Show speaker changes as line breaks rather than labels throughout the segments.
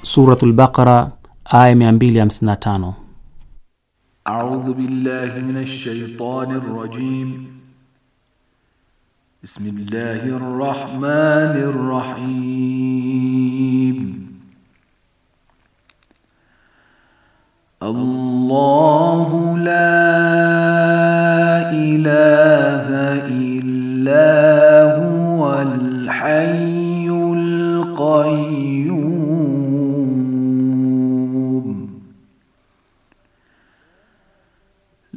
Suratul Baqara aya 255.
A'udhu billahi minash shaitanir rajim. Bismillahir rahmanir rahim. الله لا إله إلا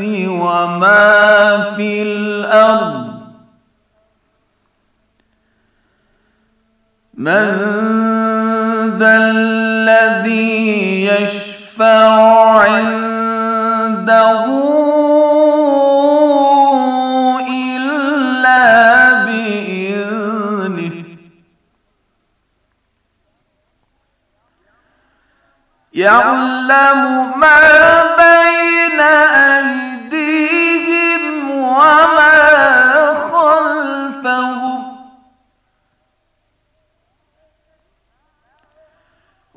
وما في الأرض من ذا الذي يشفع عنده إلا بإذنه يعلم ما بين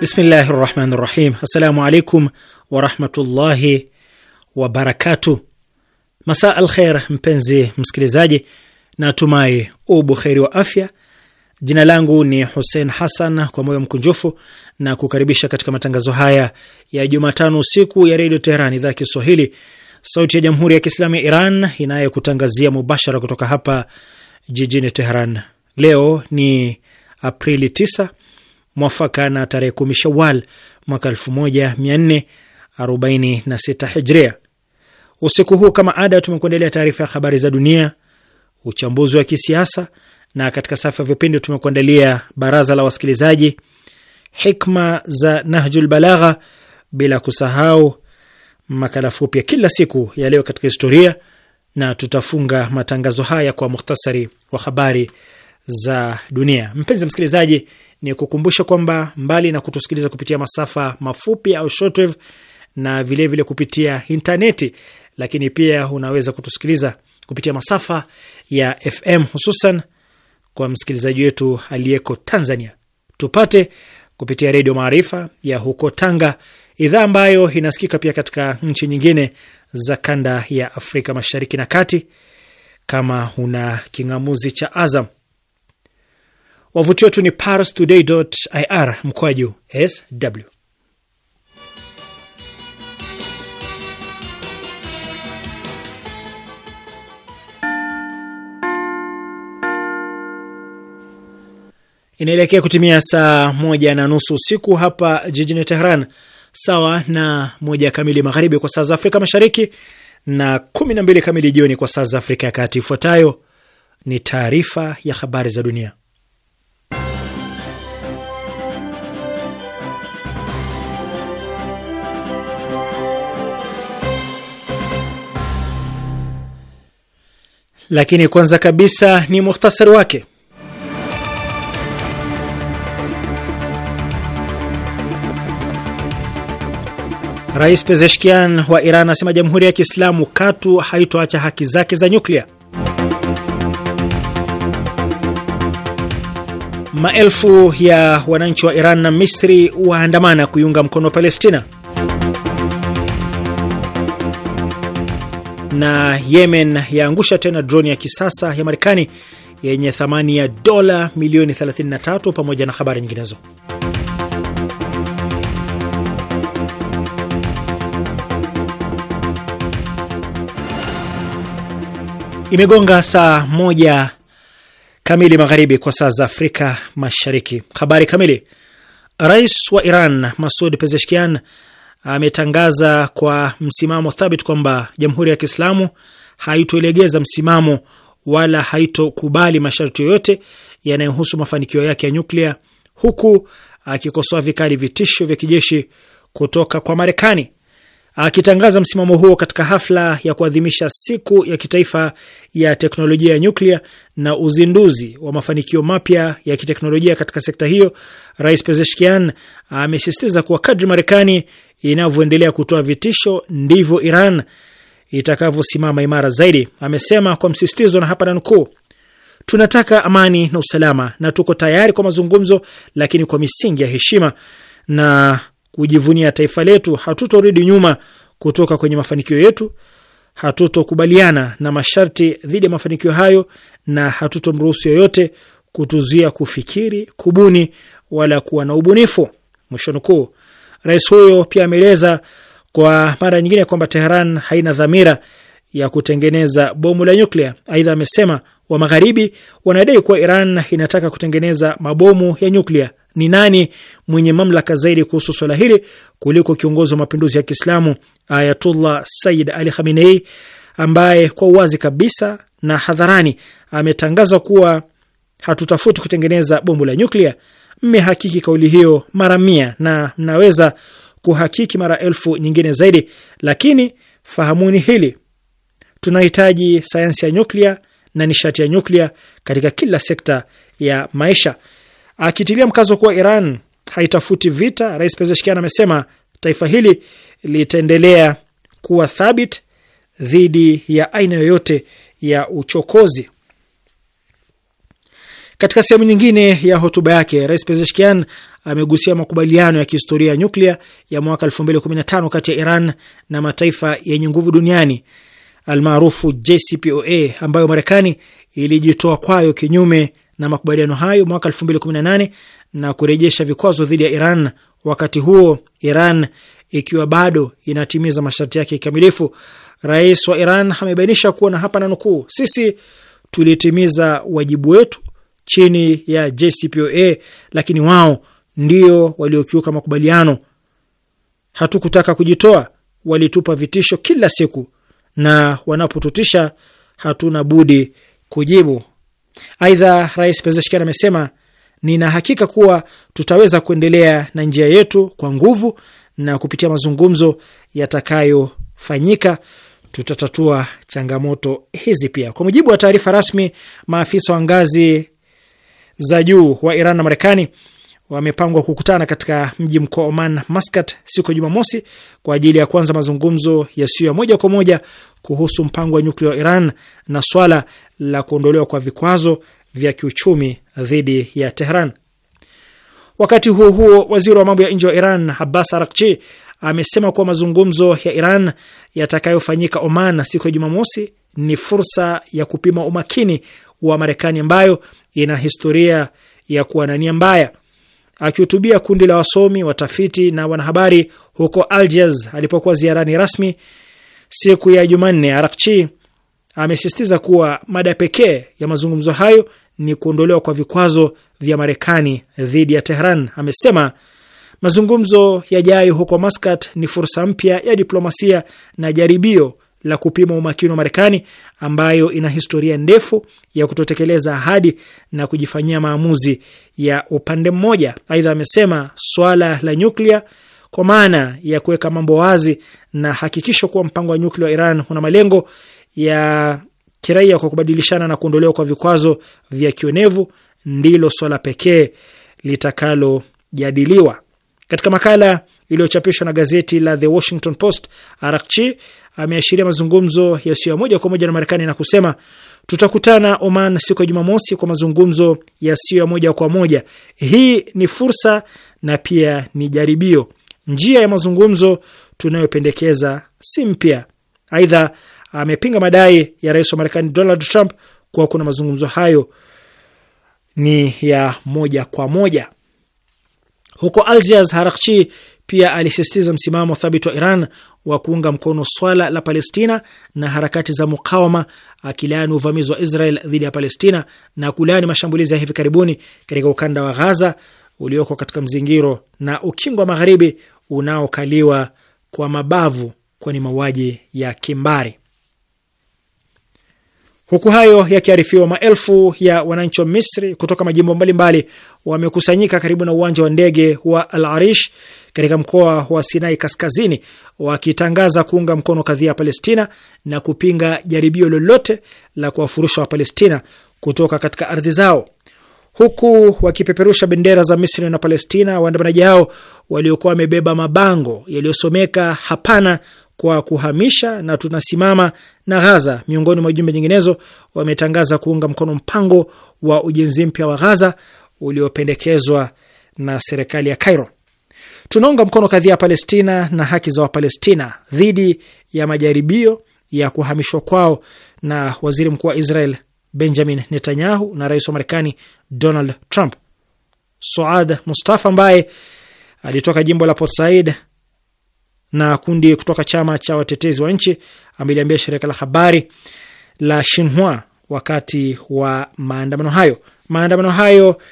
Bismillahi rahmani rahim. Assalamu alaikum warahmatullahi wabarakatu. masa al kher, mpenzi msikilizaji, natumai kheri wa afya. Jina langu ni Hussein Hassan, kwa moyo mkunjufu na kukaribisha katika matangazo haya ya Jumatano usiku ya Redio Teheran, idhaa ya Kiswahili, sauti ya Jamhuri ya Kiislamu ya Iran inayokutangazia mubashara kutoka hapa jijini Teheran. Leo ni Aprili 9 mwafaka na tarehe kumi Shawal mwaka sita Hijria. Usiku huu kama ada, tumekuandalia taarifa ya habari za dunia, uchambuzi wa kisiasa, na katika safu ya vipindi tumekuandalia baraza la wasikilizaji, hikma za Nahjul Balagha, bila kusahau makala fupi ya kila siku ya leo katika historia, na tutafunga matangazo haya kwa muhtasari wa habari za dunia. Mpenzi msikilizaji ni kukumbusha kwamba mbali na kutusikiliza kupitia masafa mafupi au shortwave na vilevile vile kupitia intaneti, lakini pia unaweza kutusikiliza kupitia masafa ya FM hususan kwa msikilizaji wetu aliyeko Tanzania, tupate kupitia Redio Maarifa ya huko Tanga, idhaa ambayo inasikika pia katika nchi nyingine za kanda ya Afrika Mashariki na Kati. Kama una king'amuzi cha Azam Wavuti wetu ni parstoday.ir mkwaju sw. Inaelekea kutimia saa moja na nusu usiku hapa jijini Tehran, sawa na moja kamili magharibi kwa saa za Afrika Mashariki na kumi na mbili kamili jioni kwa saa za Afrika ya Kati. Ifuatayo ni taarifa ya habari za dunia lakini kwanza kabisa ni muhtasari wake. Rais Pezeshkian wa Iran anasema jamhuri ya Kiislamu katu haitoacha haki zake za nyuklia. Maelfu ya wananchi wa Iran na Misri waandamana kuiunga mkono Palestina. na Yemen yaangusha tena droni ya kisasa ya Marekani yenye thamani ya dola milioni 33, pamoja na habari nyinginezo. Imegonga saa moja kamili magharibi kwa saa za Afrika Mashariki. Habari kamili. Rais wa Iran Masud Pezeshkian ametangaza kwa msimamo thabit kwamba Jamhuri ya Kiislamu haitolegeza msimamo wala haitokubali masharti yoyote yanayohusu mafanikio yake ya nyuklia, huku akikosoa vikali vitisho vya kijeshi kutoka kwa Marekani. Akitangaza msimamo huo katika hafla ya kuadhimisha siku ya kitaifa ya teknolojia ya nyuklia na uzinduzi wa mafanikio mapya ya kiteknolojia katika sekta hiyo, Rais Pezeshkian amesisitiza kuwa kadri Marekani inavyoendelea kutoa vitisho ndivyo Iran itakavyosimama imara zaidi, amesema kwa msisitizo, na hapa nanukuu, tunataka amani na usalama na tuko tayari kwa mazungumzo, lakini kwa misingi ya heshima na kujivunia taifa letu. Hatutorudi nyuma kutoka kwenye mafanikio yetu, hatutokubaliana na masharti dhidi ya mafanikio hayo, na hatutomruhusu yoyote kutuzuia kufikiri, kubuni wala kuwa na ubunifu, mwisho nukuu. Rais huyo pia ameeleza kwa mara nyingine kwamba Teheran haina dhamira ya kutengeneza bomu la nyuklia. Aidha amesema wa Magharibi wanadai kuwa Iran inataka kutengeneza mabomu ya nyuklia. Ni nani mwenye mamlaka zaidi kuhusu swala hili kuliko kiongozi wa mapinduzi ya Kiislamu Ayatullah Sayyid Ali Khamenei, ambaye kwa uwazi kabisa na hadharani ametangaza kuwa hatutafuti kutengeneza bomu la nyuklia mmehakiki kauli hiyo mara mia na mnaweza kuhakiki mara elfu nyingine zaidi, lakini fahamuni hili, tunahitaji sayansi ya nyuklia na nishati ya nyuklia katika kila sekta ya maisha. Akitilia mkazo kuwa Iran haitafuti vita, Rais Pezeshkian amesema taifa hili litaendelea kuwa thabit dhidi ya aina yoyote ya uchokozi. Katika sehemu nyingine ya hotuba yake, Rais Pezeshkian amegusia makubaliano ya kihistoria ya nyuklia ya mwaka 2015 kati ya Iran na mataifa yenye nguvu duniani almaarufu JCPOA ambayo Marekani ilijitoa kwayo kinyume na makubaliano hayo mwaka 2018 na kurejesha vikwazo dhidi ya Iran, wakati huo Iran ikiwa bado inatimiza masharti yake kikamilifu. Rais wa Iran amebainisha kuwa na hapa na nukuu, sisi tulitimiza wajibu wetu chini ya JCPOA, lakini wao ndio waliokiuka makubaliano. Hatukutaka kujitoa, walitupa vitisho kila siku, na wanapotutisha hatuna budi kujibu. Aidha, Rais Pezeshkian amesema nina hakika kuwa tutaweza kuendelea na njia yetu kwa nguvu na kupitia mazungumzo yatakayofanyika tutatatua changamoto hizi. Pia kwa mujibu wa taarifa rasmi, maafisa wa ngazi za juu wa Iran na Marekani wamepangwa kukutana katika mji mkuu wa Oman, Maskat, siku ya Jumamosi kwa ajili ya kuanza mazungumzo yasiyo ya moja kwa moja kuhusu mpango wa nyuklia wa Iran na swala la kuondolewa kwa vikwazo vya kiuchumi dhidi ya Tehran. Wakati huo huo, waziri wa mambo ya nje wa Iran Abbas Arakchi amesema kuwa mazungumzo ya Iran yatakayofanyika Oman siku ya Jumamosi ni fursa ya kupima umakini wa Marekani ambayo ina historia ya kuwa na nia mbaya. Akihutubia kundi la wasomi, watafiti na wanahabari huko Algiers alipokuwa ziarani rasmi siku ya Jumanne, Arakchi amesisitiza kuwa mada pekee ya mazungumzo hayo ni kuondolewa kwa vikwazo vya Marekani dhidi ya Tehran. Amesema mazungumzo yajayo huko Maskat ni fursa mpya ya diplomasia na jaribio la kupima umakini wa Marekani ambayo ina historia ndefu ya kutotekeleza ahadi na kujifanyia maamuzi ya upande mmoja. Aidha, amesema swala la nyuklia kwa maana ya kuweka mambo wazi na hakikisho kuwa mpango wa nyuklia wa Iran una malengo ya kiraia kwa kubadilishana na kuondolewa kwa vikwazo vya kionevu ndilo swala pekee litakalojadiliwa. Katika makala iliyochapishwa na gazeti la The Washington Post, Arakchi ameashiria mazungumzo yasiyo ya moja kwa moja na Marekani na kusema tutakutana Oman siku ya Jumamosi kwa mazungumzo yasiyo ya moja kwa moja. Hii ni fursa na pia ni jaribio. Njia ya mazungumzo tunayopendekeza si mpya. Aidha, amepinga madai ya rais wa Marekani Donald Trump kuwa kuna mazungumzo hayo ni ya moja kwa moja. Huko Algiers, Harakchi, pia alisisitiza msimamo thabiti wa Iran wa kuunga mkono swala la Palestina na harakati za mukawama, akilaani uvamizi wa Israel dhidi ya Palestina na kulaani mashambulizi ya hivi karibuni katika ukanda wa Ghaza ulioko katika mzingiro na ukingo wa magharibi unaokaliwa kwa mabavu, kwani mauaji ya kimbari. Huku hayo yakiarifiwa, maelfu ya wananchi wa Misri kutoka majimbo mbalimbali wamekusanyika karibu na uwanja wa ndege wa Al Arish katika mkoa wa Sinai Kaskazini, wakitangaza kuunga mkono kadhia ya Palestina na kupinga jaribio lolote la kuwafurusha Wapalestina kutoka katika ardhi zao. Huku wakipeperusha bendera za Misri na Palestina, waandamanaji hao waliokuwa wamebeba mabango yaliyosomeka hapana kwa kuhamisha na tunasimama na Ghaza, miongoni mwa jumbe nyinginezo, wametangaza kuunga mkono mpango wa ujenzi mpya wa Ghaza uliopendekezwa na serikali ya Cairo. Tunaunga mkono kadhia ya Palestina na haki za Wapalestina dhidi ya majaribio ya kuhamishwa kwao na waziri mkuu wa Israel Benjamin Netanyahu na rais wa Marekani Donald Trump. Soad Mustafa ambaye alitoka jimbo la Port Said na kundi kutoka chama cha watetezi wa nchi ameliambia shirika la habari la Shinhua wakati wa maandamano hayo. Maandamano hayo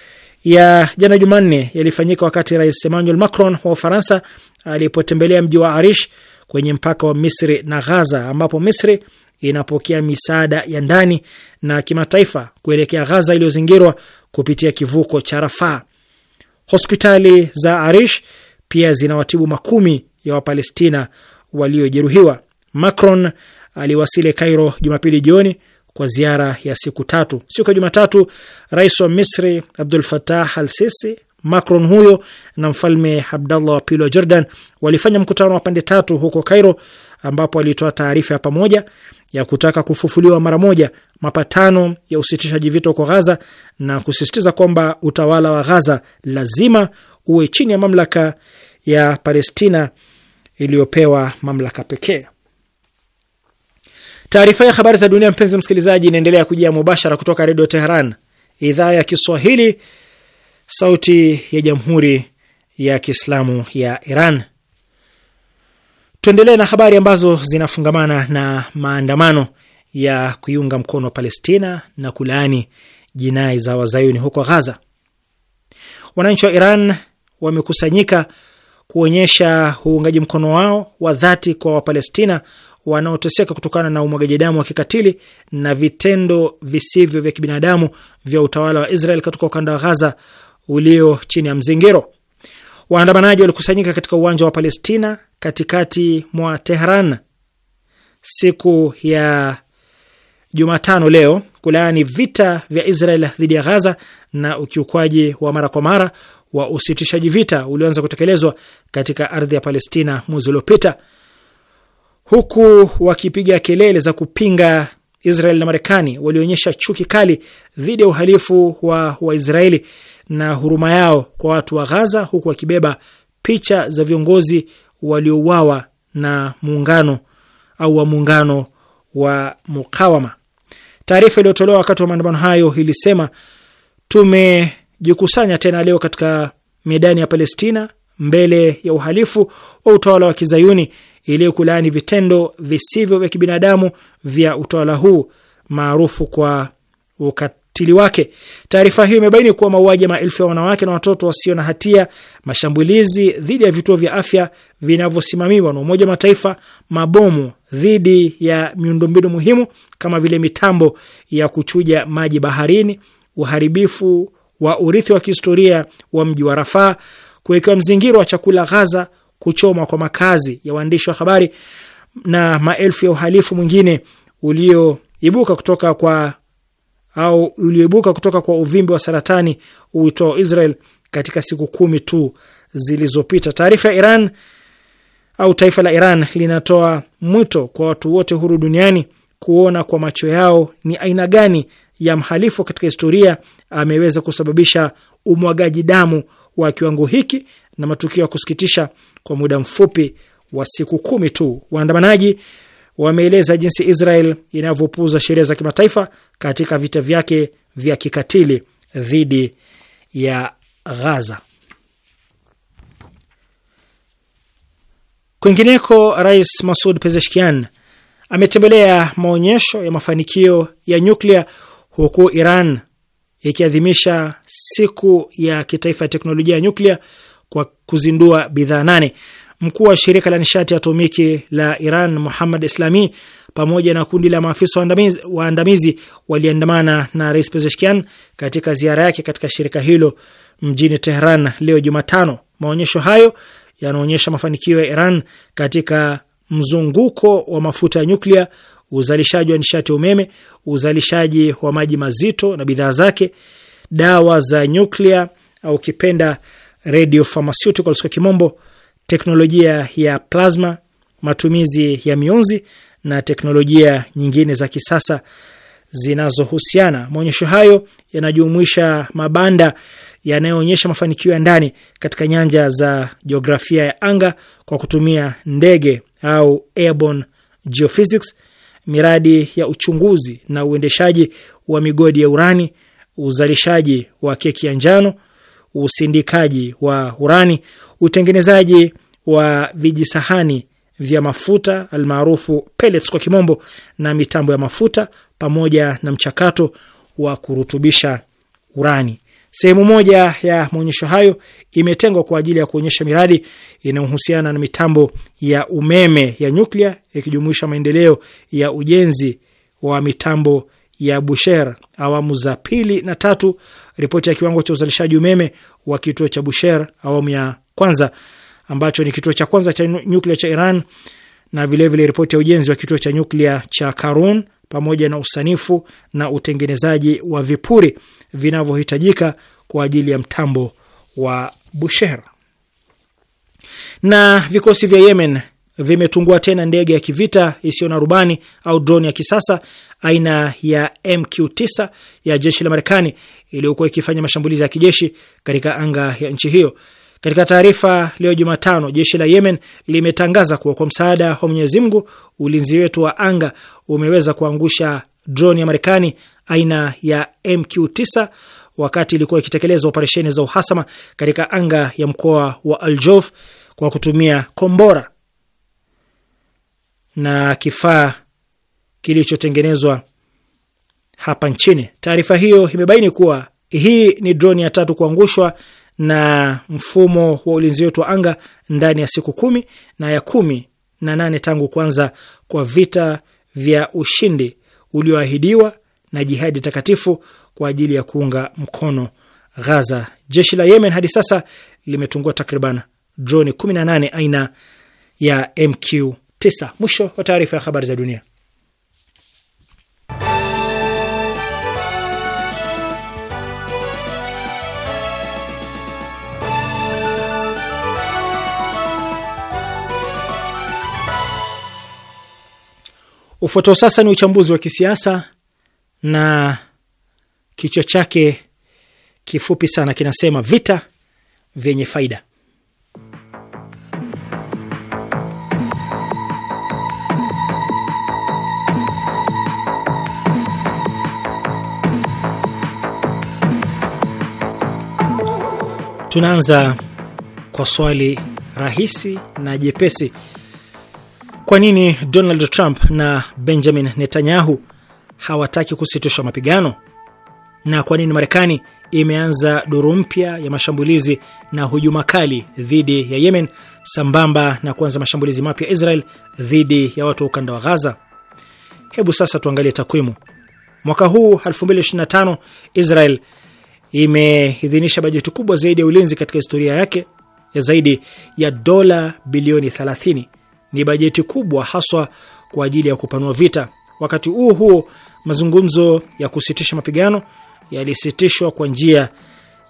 ya jana Jumanne yalifanyika wakati Rais Emmanuel Macron wa Ufaransa alipotembelea mji wa Arish kwenye mpaka wa Misri na Ghaza, ambapo Misri inapokea misaada ya ndani na kimataifa kuelekea Ghaza iliyozingirwa kupitia kivuko cha Rafaa. Hospitali za Arish pia zinawatibu makumi ya Wapalestina waliojeruhiwa. Macron aliwasili Cairo Jumapili jioni kwa ziara ya siku tatu. Siku ya Jumatatu, rais wa Misri Abdul Fatah al Sisi, Macron huyo na mfalme Abdallah wa pili wa Jordan walifanya mkutano wa pande tatu huko Cairo, ambapo alitoa taarifa ya pamoja ya kutaka kufufuliwa mara moja mapatano ya usitishaji vita huko Ghaza na kusisitiza kwamba utawala wa Ghaza lazima uwe chini ya mamlaka ya Palestina iliyopewa mamlaka pekee. Taarifa ya habari za dunia, mpenzi msikilizaji, inaendelea kujia mubashara kutoka Redio Teheran, idhaa ya Kiswahili, sauti ya jamhuri ya kiislamu ya Iran. Tuendelee na habari ambazo zinafungamana na maandamano ya kuiunga mkono Palestina na kulaani jinai za wazayuni huko Ghaza. Wananchi wa Iran wamekusanyika kuonyesha uungaji mkono wao wa dhati kwa Wapalestina wanaoteseka kutokana na umwagaji damu wa kikatili na vitendo visivyo vya kibinadamu vya utawala wa Israel katika ukanda wa Ghaza ulio chini ya mzingiro. Waandamanaji walikusanyika katika uwanja wa Palestina katikati mwa Tehran siku ya Jumatano leo kulaani vita vya Israel dhidi ya Ghaza na ukiukwaji wa mara kwa mara wa usitishaji vita ulioanza kutekelezwa katika ardhi ya Palestina mwezi uliopita, huku wakipiga kelele za kupinga Israel na Marekani walionyesha chuki kali dhidi ya uhalifu wa Waisraeli na huruma yao kwa watu wa Ghaza, huku wakibeba picha za viongozi waliouawa na muungano au wa muungano wa Mukawama. Taarifa iliyotolewa wakati wa maandamano hayo ilisema tume walijikusanya tena leo katika medani ya Palestina mbele ya uhalifu wa utawala wa kizayuni ili kulaani vitendo visivyo vya kibinadamu vya utawala huu maarufu kwa ukatili wake. Taarifa hiyo imebaini kuwa mauaji ya maelfu ya wanawake na watoto wasio na hatia, mashambulizi dhidi ya vituo vya afya vinavyosimamiwa na Umoja wa Mataifa, mabomu dhidi ya miundombinu muhimu kama vile mitambo ya kuchuja maji baharini, uharibifu wa urithi wa kihistoria wa mji wa Rafaa, kuwekewa mzingiro wa chakula Ghaza, kuchomwa kwa makazi ya waandishi wa habari na maelfu ya uhalifu mwingine ulioibuka kutoka kwa au ulioibuka kutoka kwa uvimbe wa saratani uitoa Israel katika siku kumi tu zilizopita. Taarifa ya Iran au taifa la Iran linatoa mwito kwa watu wote huru duniani kuona kwa macho yao ni aina gani ya mhalifu katika historia ameweza kusababisha umwagaji damu wa kiwango hiki na matukio ya kusikitisha kwa muda mfupi wa siku kumi tu. Waandamanaji wameeleza jinsi Israel inavyopuuza sheria za kimataifa katika vita vyake vya kikatili dhidi ya Gaza. Kwingineko, Rais Masud Pezeshkian ametembelea maonyesho ya mafanikio ya nyuklia huku Iran ikiadhimisha siku ya kitaifa ya teknolojia ya nyuklia kwa kuzindua bidhaa nane. Mkuu wa shirika la nishati ya atomiki la Iran Muhammad Islami pamoja na kundi la maafisa waandamizi, waandamizi waliandamana na Rais Pezeshkian katika ziara yake katika shirika hilo mjini Tehran leo Jumatano. Maonyesho hayo yanaonyesha mafanikio ya Iran katika mzunguko wa mafuta ya nyuklia uzalishaji wa nishati umeme, uzalishaji wa maji mazito na bidhaa zake, dawa za nyuklia au kipenda radio pharmaceuticals kwa kimombo, teknolojia ya plasma, matumizi ya mionzi na teknolojia nyingine za kisasa zinazohusiana. Maonyesho hayo yanajumuisha mabanda yanayoonyesha mafanikio ya ndani katika nyanja za jiografia ya anga kwa kutumia ndege au airborne geophysics, miradi ya uchunguzi na uendeshaji wa migodi ya urani, uzalishaji wa keki ya njano, usindikaji wa urani, utengenezaji wa vijisahani vya mafuta almaarufu pellets kwa kimombo, na mitambo ya mafuta pamoja na mchakato wa kurutubisha urani. Sehemu moja ya maonyesho hayo imetengwa kwa ajili ya kuonyesha miradi inayohusiana na mitambo ya umeme ya nyuklia ikijumuisha maendeleo ya ujenzi wa mitambo ya Busher awamu za pili na tatu, ripoti ya kiwango cha uzalishaji umeme wa kituo cha Busher awamu ya kwanza ambacho ni kituo cha kwanza cha nyuklia cha Iran na vilevile ripoti ya ujenzi wa kituo cha nyuklia cha Karun pamoja na usanifu na utengenezaji wa vipuri vinavyohitajika kwa ajili ya mtambo wa Bushehr. Na vikosi vya Yemen vimetungua tena ndege ya kivita isiyo na rubani au droni ya kisasa aina ya MQ9 ya jeshi la Marekani iliyokuwa ikifanya mashambulizi ya kijeshi katika anga ya nchi hiyo. Katika taarifa leo Jumatano, jeshi la Yemen limetangaza kuwa kwa msaada wa Mwenyezi Mungu ulinzi wetu wa anga umeweza kuangusha drone ya Marekani aina ya MQ9 wakati ilikuwa ikitekeleza operesheni za uhasama katika anga ya mkoa wa aljov kwa kutumia kombora na kifaa kilichotengenezwa hapa nchini. Taarifa hiyo imebaini kuwa hii ni droni ya tatu kuangushwa na mfumo wa ulinzi wetu wa anga ndani ya siku kumi na ya kumi na nane tangu kuanza kwa vita vya ushindi ulioahidiwa na jihadi takatifu kwa ajili ya kuunga mkono Ghaza. Jeshi la Yemen hadi sasa limetungua takriban droni 18 aina ya MQ9. Mwisho wa taarifa ya habari za dunia. Ufuatao sasa ni uchambuzi wa kisiasa na kichwa chake kifupi sana kinasema vita vyenye faida. Tunaanza kwa swali rahisi na jepesi kwa nini Donald Trump na Benjamin Netanyahu hawataki kusitisha mapigano? Na kwa nini Marekani imeanza duru mpya ya mashambulizi na hujuma kali dhidi ya Yemen sambamba na kuanza mashambulizi mapya Israel dhidi ya watu wa ukanda wa Gaza? Hebu sasa tuangalie takwimu. Mwaka huu 2025 Israel imeidhinisha bajeti kubwa zaidi ya ulinzi katika historia yake ya zaidi ya dola bilioni 30 ni bajeti kubwa haswa kwa ajili ya kupanua vita. Wakati huo huo, mazungumzo ya kusitisha mapigano yalisitishwa kwa njia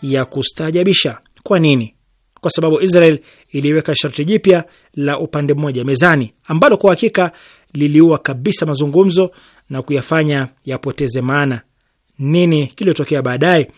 ya kustaajabisha. Kwa nini? Kwa sababu Israel iliweka sharti jipya la upande mmoja mezani, ambalo kwa hakika liliua kabisa mazungumzo na kuyafanya yapoteze maana. Nini kilitokea baadaye?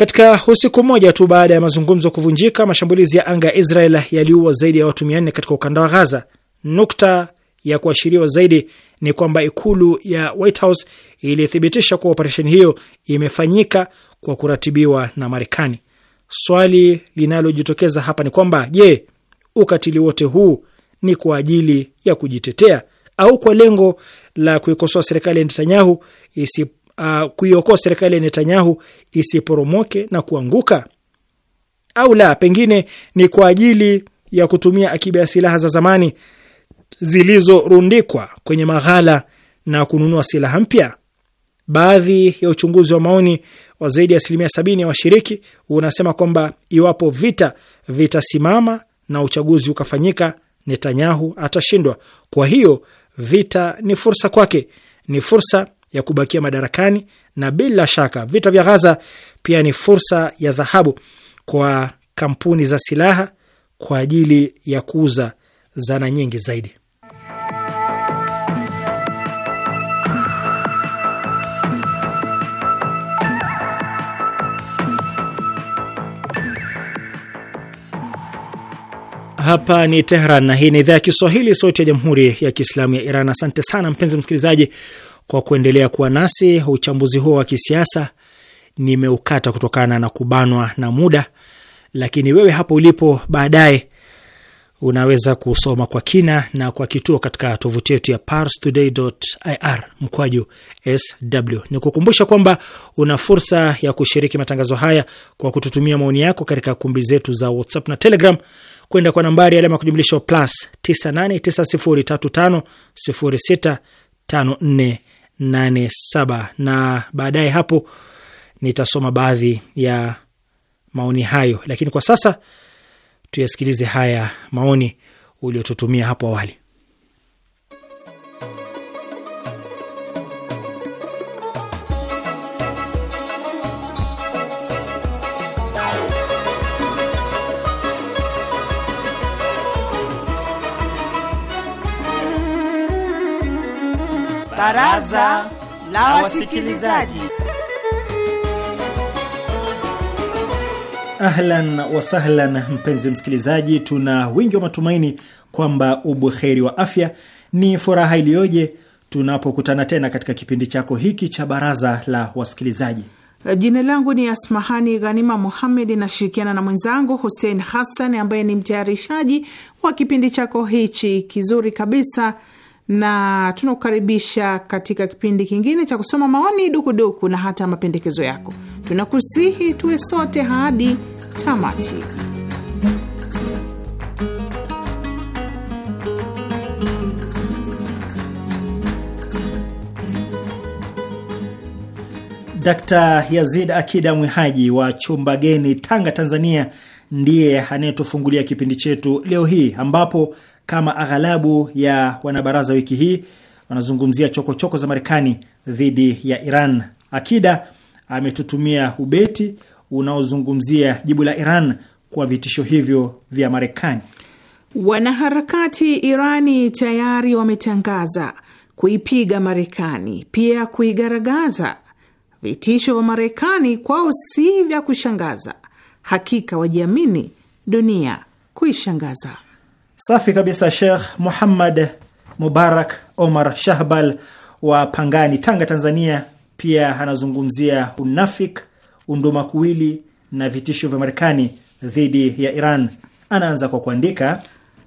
Katika usiku mmoja tu baada ya mazungumzo kuvunjika, mashambulizi ya anga ya Israel yaliua zaidi ya watu mia katika ukanda wa Gaza. Nukta ya kuashiriwa zaidi ni kwamba ikulu ya White House ilithibitisha kuwa operesheni hiyo imefanyika kwa kuratibiwa na Marekani. Swali linalojitokeza hapa ni kwamba je, ukatili wote huu ni kwa ajili ya kujitetea au kwa lengo la kuikosoa serikali ya Netanyahu uh, kuiokoa serikali ya Netanyahu isiporomoke na kuanguka au la, pengine ni kwa ajili ya kutumia akiba ya silaha za zamani zilizorundikwa kwenye maghala na kununua silaha mpya. Baadhi ya uchunguzi wa maoni wa zaidi ya asilimia sabini ya washiriki unasema kwamba iwapo vita vitasimama na uchaguzi ukafanyika, Netanyahu atashindwa. Kwa hiyo vita ni fursa kwake, ni fursa ya kubakia madarakani, na bila shaka vita vya Ghaza pia ni fursa ya dhahabu kwa kampuni za silaha kwa ajili ya kuuza zana nyingi zaidi. Hapa ni Tehran na hii ni idhaa ya Kiswahili, sauti ya jamhuri ya kiislamu ya Iran. Asante sana mpenzi msikilizaji kwa kuendelea kuwa nasi. Uchambuzi huo wa kisiasa nimeukata kutokana na kubanwa na muda, lakini wewe hapo ulipo baadaye unaweza kusoma kwa kina na kwa kituo katika tovuti yetu ya parstoday.ir mkwaju sw. Ni kukumbusha kwamba una fursa ya kushiriki matangazo haya kwa kututumia maoni yako katika kumbi zetu za WhatsApp na Telegram kwenda kwa nambari alama ya kujumlisha plus 9890350654 87 na baadaye hapo nitasoma baadhi ya maoni hayo, lakini kwa sasa tuyasikilize haya maoni uliotutumia hapo awali.
Baraza la Wasikilizaji.
Ahlan wa sahlan, mpenzi msikilizaji, tuna wingi wa matumaini kwamba ubuheri wa afya. Ni furaha iliyoje tunapokutana tena katika kipindi chako hiki cha Baraza la Wasikilizaji. Jina langu
ni Asmahani Ghanima Muhammed, nashirikiana na mwenzangu Hussein Hassan ambaye ni mtayarishaji wa kipindi chako hichi kizuri kabisa na tunakukaribisha katika kipindi kingine cha kusoma maoni, dukuduku na hata mapendekezo yako. Tunakusihi tuwe sote hadi tamati.
Dakta Yazid Akida Mwihaji wa chumba geni Tanga, Tanzania, ndiye anayetufungulia kipindi chetu leo hii ambapo kama aghalabu ya wanabaraza wiki hii wanazungumzia chokochoko choko za Marekani dhidi ya Iran. Akida ametutumia ubeti unaozungumzia jibu la Iran kwa vitisho hivyo vya Marekani.
Wanaharakati Irani tayari wametangaza kuipiga Marekani, pia kuigaragaza. Vitisho vya Marekani kwao si vya kushangaza, hakika wajiamini dunia kuishangaza.
Safi kabisa, Sheikh Muhammad Mubarak Omar Shahbal wa Pangani, Tanga, Tanzania, pia anazungumzia unafik, unduma kuwili na vitisho vya Marekani dhidi ya Iran. Anaanza kwa kuandika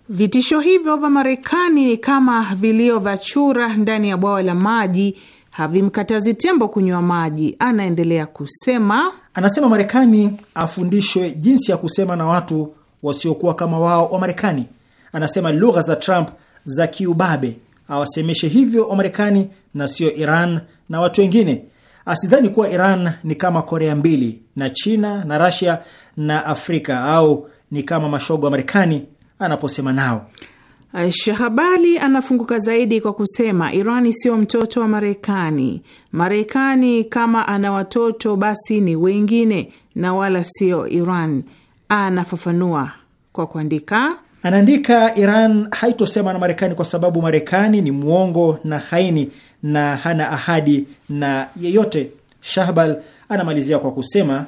vitisho hivyo vya Marekani kama vilio vya chura ndani ya bwawa la maji havimkatazi tembo kunywa maji. Anaendelea kusema,
anasema Marekani afundishwe jinsi ya kusema na watu wasiokuwa kama wao wa Marekani anasema lugha za Trump za kiubabe, awasemeshe hivyo Wamarekani na sio Iran na watu wengine. Asidhani kuwa Iran ni kama Korea mbili na China na Rasia na Afrika, au ni kama mashogo wa Marekani anaposema nao. Shahabali anafunguka zaidi kwa kusema Irani
sio mtoto wa Marekani. Marekani kama ana watoto basi ni wengine na wala sio Iran. Anafafanua kwa kuandika
Anaandika, Iran haitosema na Marekani kwa sababu Marekani ni mwongo na haini na hana ahadi na yeyote. Shahbal anamalizia kwa kusema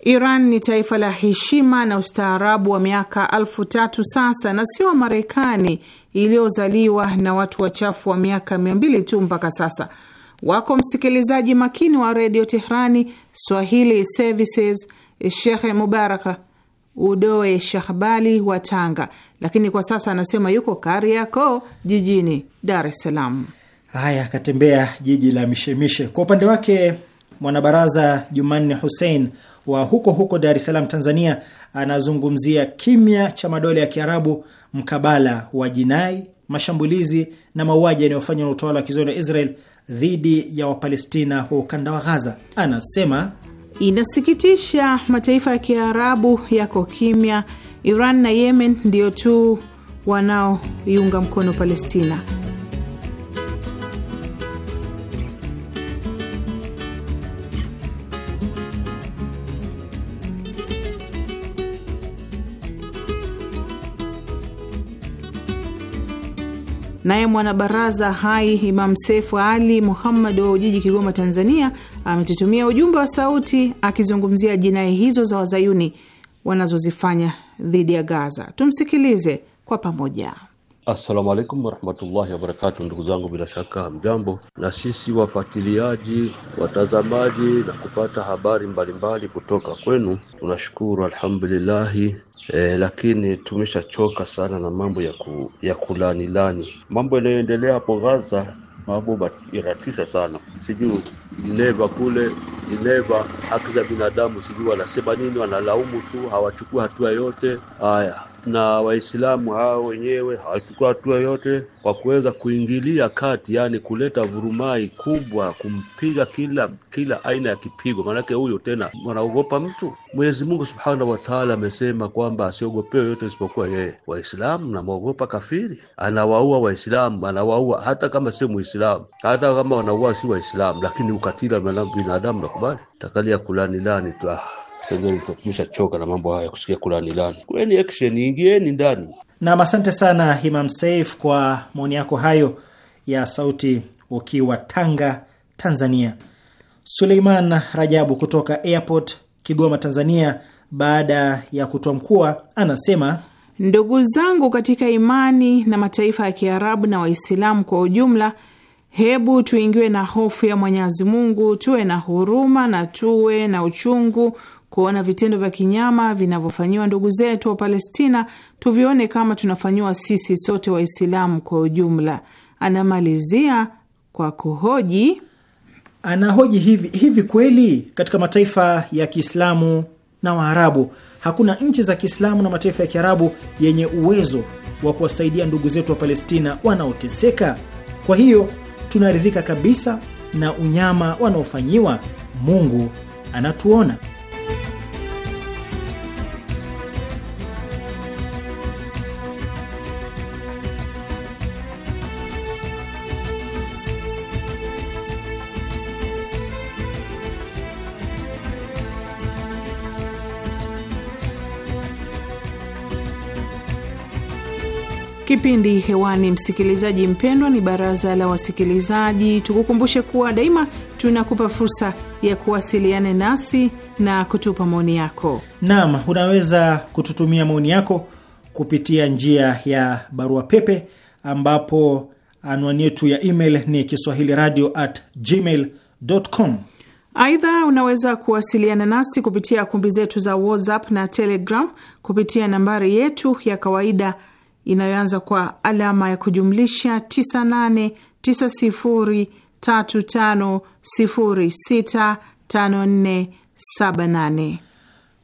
Iran ni taifa la heshima na ustaarabu wa miaka alfu tatu sasa, na sio Marekani iliyozaliwa na watu wachafu wa miaka mia mbili tu mpaka sasa. Wako msikilizaji makini wa redio Tehrani Swahili Services, Shekhe Mubaraka Udoe Shahbali wa Tanga, lakini kwa sasa anasema yuko Kariakoo jijini Dar es Salaam.
Haya, akatembea jiji la mishemishe. Kwa upande wake mwanabaraza Jumanne Hussein wa huko huko Dar es Salaam, Tanzania, anazungumzia kimya cha madola ya Kiarabu mkabala wa jinai, mashambulizi na mauaji yanayofanywa na utawala wa kizoni wa Israel dhidi ya Wapalestina wa ukanda wa Ghaza. Anasema
Inasikitisha, mataifa ya Kiarabu yako kimya. Iran na Yemen ndio tu wanaoiunga mkono Palestina. Naye mwanabaraza hai Imam Sefu Ali Muhammad wa Ujiji, Kigoma, Tanzania, ametutumia ujumbe wa sauti akizungumzia jinai hizo za wazayuni wanazozifanya dhidi ya Gaza. Tumsikilize kwa pamoja.
Assalamu alaikum warahmatullahi wabarakatu, ndugu zangu, bila shaka mjambo, na sisi wafuatiliaji, watazamaji na kupata habari mbalimbali kutoka kwenu, tunashukuru alhamdulillahi. E, lakini tumeshachoka sana na mambo ya, ku, ya kulanilani mambo yanayoendelea hapo Gaza mambo iratisha sana, sijui Geneva kule Geneva, haki za binadamu sijui wanasema nini, wanalaumu tu, hawachukua hatua yote haya na Waislamu hao wenyewe hawachukua hatua yoyote kwa kuweza kuingilia kati, yani kuleta vurumai kubwa, kumpiga kila kila aina ya kipigo. Maanake huyo tena wanaogopa mtu. Mwenyezi Mungu Subhanahu wa Ta'ala amesema kwamba asiogopewe yote isipokuwa yeye. Waislamu namwogopa kafiri, anawaua Waislamu, anawaua hata kama si Muislamu, hata kama wanaua si Waislamu, lakini ukatili wa binadamu nakubali. Takalia kulani lani tu. Ah. Tanzania choka na mambo haya kusikia kulani lani. Kweni action, ingieni ndani.
Na asante sana Imam Saif kwa maoni yako hayo ya sauti ukiwa Tanga, Tanzania. Suleiman Rajabu kutoka airport Kigoma, Tanzania, baada ya kutoa mkua, anasema ndugu
zangu katika imani na mataifa ya Kiarabu na Waislamu kwa ujumla, hebu tuingiwe na hofu ya Mwenyezi Mungu, tuwe na huruma na tuwe na uchungu kuona vitendo vya kinyama vinavyofanyiwa ndugu zetu wa Palestina tuvione kama tunafanyiwa sisi sote Waislamu kwa ujumla. Anamalizia
kwa kuhoji, anahoji hivi hivi, kweli katika mataifa ya Kiislamu na Waarabu hakuna nchi za Kiislamu na mataifa ya Kiarabu yenye uwezo wa kuwasaidia ndugu zetu wa Palestina wanaoteseka. Kwa hiyo tunaridhika kabisa na unyama wanaofanyiwa. Mungu anatuona.
Kipindi hewani, msikilizaji mpendwa, ni baraza la wasikilizaji. Tukukumbushe kuwa daima tunakupa fursa ya kuwasiliana nasi na
kutupa maoni yako. Naam, unaweza kututumia maoni yako kupitia njia ya barua pepe, ambapo anwani yetu ya email ni kiswahili radio at gmail com.
Aidha, unaweza kuwasiliana nasi kupitia kumbi zetu za WhatsApp na Telegram kupitia nambari yetu ya kawaida inayoanza kwa alama ya kujumlisha 989035065478.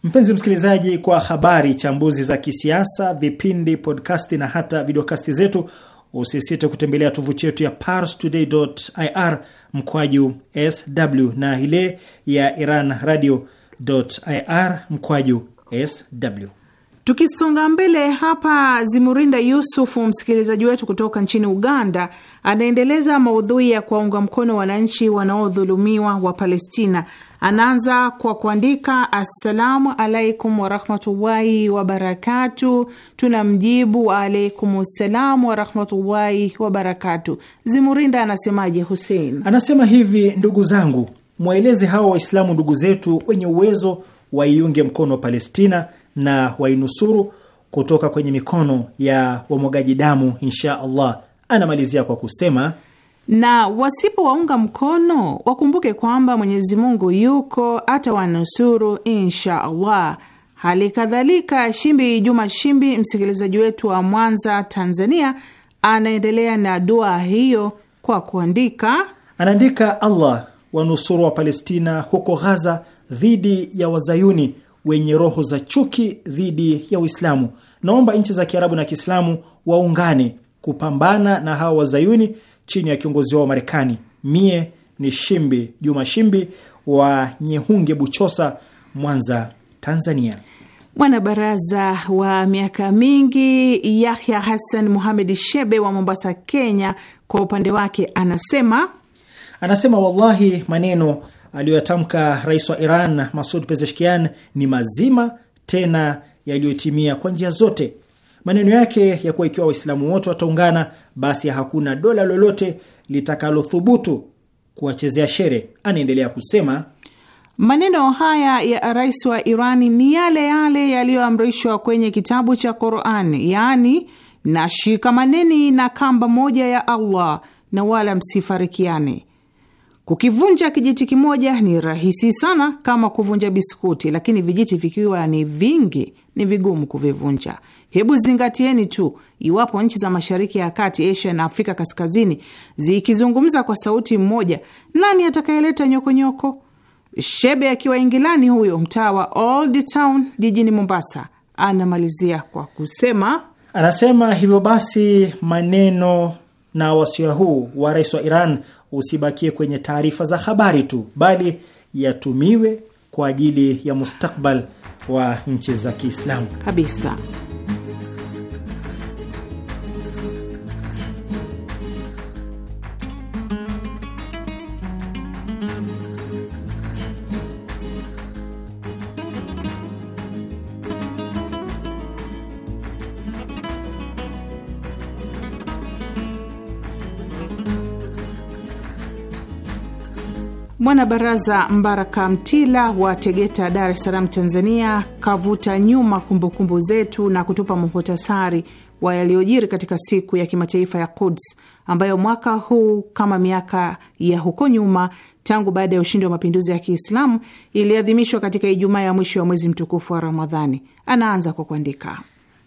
Mpenzi msikilizaji, kwa habari, chambuzi za kisiasa, vipindi, podkasti na hata videokasti zetu, usisite kutembelea tovuti yetu ya parstoday.ir mkwaju sw na ile ya iran radio ir mkwaju sw.
Tukisonga mbele hapa, Zimurinda Yusufu, msikilizaji wetu kutoka nchini Uganda, anaendeleza maudhui ya kuwaunga mkono wananchi wanaodhulumiwa wa Palestina. Anaanza kwa kuandika assalamu alaikum warahmatullahi wabarakatu. Tuna mjibu alaikum salam warahmatullahi wabarakatu. Zimurinda anasemaje,
Husein? Anasema hivi, ndugu zangu, mwaeleze hawa Waislamu ndugu zetu wenye uwezo waiunge mkono wa Palestina na wainusuru kutoka kwenye mikono ya wamwagaji damu, insha Allah. Anamalizia kwa kusema
na wasipowaunga mkono wakumbuke kwamba Mwenyezi Mungu yuko atawanusuru insha Allah. Hali kadhalika Shimbi Juma Shimbi, msikilizaji wetu wa Mwanza, Tanzania, anaendelea na dua hiyo kwa kuandika,
anaandika: Allah wanusuru wa Palestina huko Ghaza dhidi ya Wazayuni wenye roho za chuki dhidi ya Uislamu. Naomba nchi za Kiarabu na Kiislamu waungane kupambana na hawa wazayuni chini ya kiongozi wao Marekani. Mie ni Shimbi Juma Shimbi wa Nyehunge, Buchosa, Mwanza, Tanzania.
Mwanabaraza wa miaka mingi Yahya Hassan Muhamed Shebe wa Mombasa, Kenya, kwa upande wake anasema
anasema, wallahi maneno aliyoyatamka rais wa Iran Masud Pezeshkian ni mazima tena yaliyotimia kwa njia zote. Maneno yake ya kuwa ikiwa Waislamu wote wataungana, basi hakuna dola lolote litakalothubutu kuwachezea shere. Anaendelea kusema
maneno haya ya rais wa Irani ni yale yale yaliyoamrishwa kwenye kitabu cha Quran, yaani nashikamaneni na kamba moja ya Allah na wala msifarikiane. Kukivunja kijiti kimoja ni rahisi sana kama kuvunja biskuti, lakini vijiti vikiwa ni vingi ni vigumu kuvivunja. Hebu zingatieni tu, iwapo nchi za Mashariki ya Kati, Asia na Afrika Kaskazini zikizungumza kwa sauti mmoja, nani atakayeleta nyokonyoko? Shebe akiwa Ingilani, huyo mtaa wa Old Town jijini Mombasa, anamalizia kwa kusema,
anasema hivyo basi maneno na wasia huu wa rais wa Iran usibakie kwenye taarifa za habari tu, bali yatumiwe kwa ajili ya mustakbal wa nchi za Kiislamu kabisa.
Mwanabaraza Mbaraka Mtila wa Tegeta, Dar es Salaam, Tanzania, kavuta nyuma kumbukumbu kumbu zetu na kutupa muhutasari wa yaliyojiri katika siku ya kimataifa ya Quds ambayo mwaka huu kama miaka ya huko nyuma tangu baada ya ushindi wa mapinduzi ya Kiislamu iliadhimishwa katika Ijumaa ya mwisho
wa mwezi mtukufu wa Ramadhani. Anaanza kwa kuandika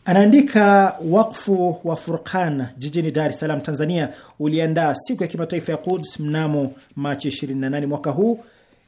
Anaandika, wakfu wa furkan jijini Dar es Salaam, Tanzania, uliandaa siku ya kimataifa ya Quds mnamo Machi 28 mwaka huu,